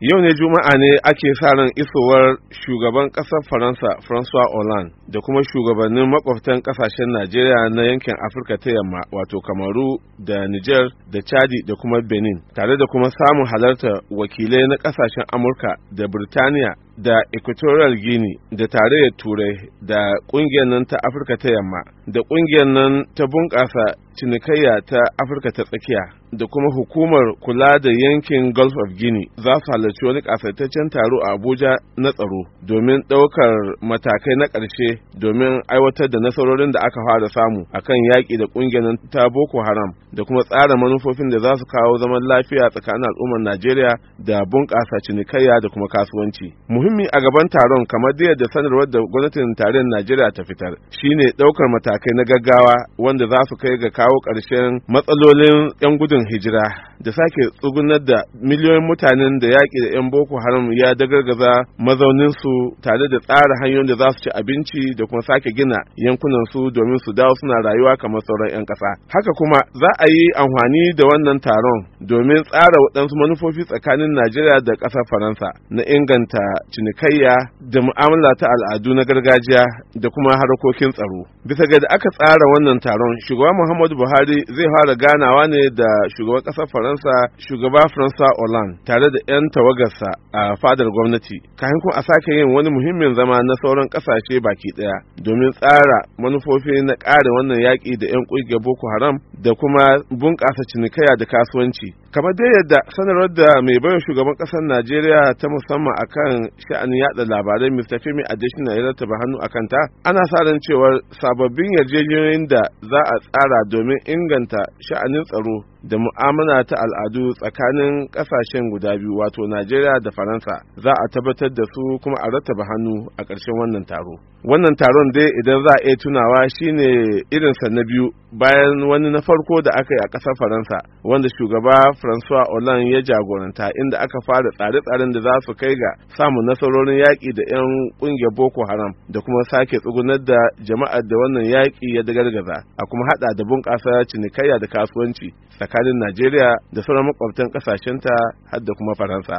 yau ne juma'a ne ake sa ran isowar shugaban ƙasar faransa François hollande da kuma shugabannin makwabtan ƙasashen najeriya na yankin afirka ta yamma wato kamaru da niger da chadi da kuma benin tare da kuma samun halarta wakilai na ƙasashen amurka da birtaniya da equatorial guinea da tarayyar turai da kungiyar nan ta afirka ta yamma da kungiyar nan ta bunƙasa cinikayya ta afirka ta tsakiya da kuma hukumar kula da yankin gulf of guinea za su halarci wani ƙasaitaccen taro a abuja na tsaro domin ɗaukar matakai na ƙarshe domin aiwatar da nasarorin da aka fara samu akan yaƙi da ƙungiyar ta boko haram da kuma tsara manufofin da za su kawo zaman lafiya tsakanin al'ummar najeriya da bunƙasa cinikayya da kuma kasuwanci muhimmi a gaban taron kamar da yadda sanarwar da gwamnatin tarayyar najeriya ta fitar shine daukar matakai na gaggawa wanda za su kai ga kawo ƙarshen matsalolin 'yan gudun hijira da sake tsugunar da miliyoyin mutanen da yaƙi da 'yan boko haram ya dagargaza mazauninsu tare da tsara hanyoyin da za su ci abinci da kuma sake gina yankunansu domin su dawo suna rayuwa kamar sauran 'yan ƙasa haka kuma za a yi amfani da wannan taron domin tsara waɗansu manufofi tsakanin najeriya da ƙasar faransa na inganta cinikayya da mu'amala ta al'adu na gargajiya da kuma harkokin tsaro bisa ga da aka tsara wannan taron shugaba muhammadu buhari zai fara ganawa ne da shugaban ƙasar faransa shugaba faransa hollande tare da 'yan tawagarsa a fadar gwamnati kafin kuma a sake yin wani muhimmin zama na sauran ƙasashe baki ɗaya domin tsara manufofi na ƙara wannan yaƙi da 'yan ƙungiyar boko haram da kuma bunƙasa cinikayya da kasuwanci kamar dai yadda sanarwar da mai bayan shugaban kasar najeriya ta musamman akan sha'anin yada labarai mr femi adesina ya rattaba hannu a kanta ana sa ran cewar sababbin yarjejeniyoyin da za a tsara domin inganta sha'anin tsaro da mu'amala ta al'adu tsakanin ƙasashen guda biyu wato Najeriya da Faransa za a tabbatar da su kuma a rattaba hannu a ƙarshen wannan taro. Wannan taron dai idan za a iya tunawa shine irinsa na biyu bayan wani na farko da aka yi a ƙasar Faransa wanda shugaba François Hollande ya jagoranta inda aka fara tsare-tsaren da za su kai ga samun nasarorin yaƙi da 'yan ƙungiyar Boko Haram da kuma sake tsugunar da jama'ar da wannan yaƙi ya dagargaza a kuma haɗa da bunƙasa cinikayya da kasuwanci tsakanin najeriya da sauran makwabtan kasashenta har da kuma faransa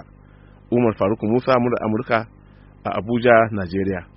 umar faruk musa amurka a abuja najeriya